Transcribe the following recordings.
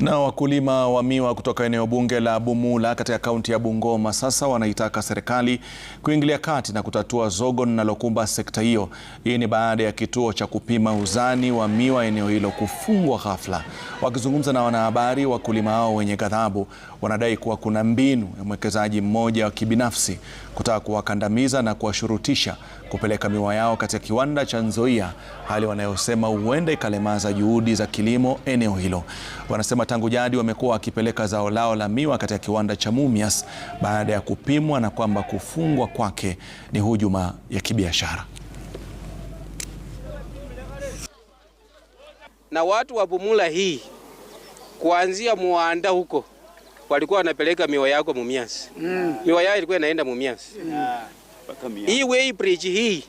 Na wakulima wa miwa kutoka eneo bunge la Bumula katika kaunti ya Bungoma sasa wanaitaka serikali kuingilia kati na kutatua zogo linalokumba sekta hiyo. Hii ni baada ya kituo cha kupima uzani wa miwa eneo hilo kufungwa ghafla. Wakizungumza na wanahabari, wakulima hao wenye ghadhabu wanadai kuwa kuna mbinu ya mwekezaji mmoja wa kibinafsi kutaka kuwakandamiza na kuwashurutisha kupeleka miwa yao katika kiwanda cha Nzoia, hali wanayosema huenda ikalemaza juhudi za kilimo eneo hilo. Wanasema tangu jadi wamekuwa wakipeleka zao lao la miwa katika kiwanda cha Mumias baada ya kupimwa na kwamba kufungwa kwake ni hujuma ya kibiashara. Na watu wa Bumula hii kuanzia muanda huko walikuwa wanapeleka miwa yako Mumias. Mm. Miwa yao ilikuwa inaenda Mumias. Mm. Hii way bridge hii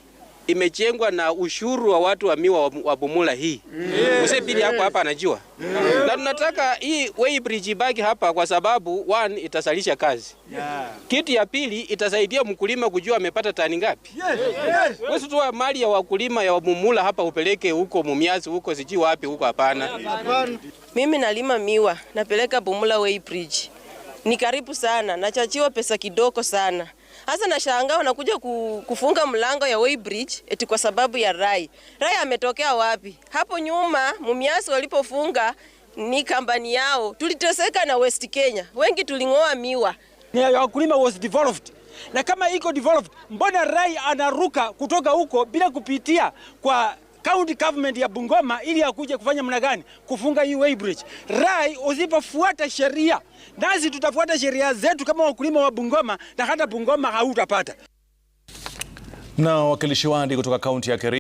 imechengwa na ushuru wa watu wa miwa wa Bumula hii yeah. Mzee Bili hapa hapa anajua yeah. Na tunataka hii way bridge ibaki hapa kwa sababu one, itasalisha kazi yeah. Kitu ya pili itasaidia mkulima kujua amepata tani ngapi yes. yes. yes. Wewe mali ya wakulima ya Bumula hapa upeleke huko Mumiazi huko siji wapi huko, hapana Mimi nalima miwa napeleka Bumula way bridge, ni karibu sana, nachachiwa pesa kidogo sana Hasa nashangaa wanakuja kufunga mlango ya Way Bridge eti kwa sababu ya Rai. Rai ametokea wapi? Hapo nyuma Mumias walipofunga ni kampani yao, tuliteseka na West Kenya, wengi tulingoa miwa. Ni wakulima was developed na kama iko developed, mbona Rai anaruka kutoka huko bila kupitia kwa county government ya Bungoma ili akuje kufanya mna gani? Kufunga hii weighbridge. Rai usipofuata sheria, nasi tutafuata sheria zetu kama wakulima wa Bungoma, na hata Bungoma hautapata. Na wakilishi wandi kutoka kaunti ya Keri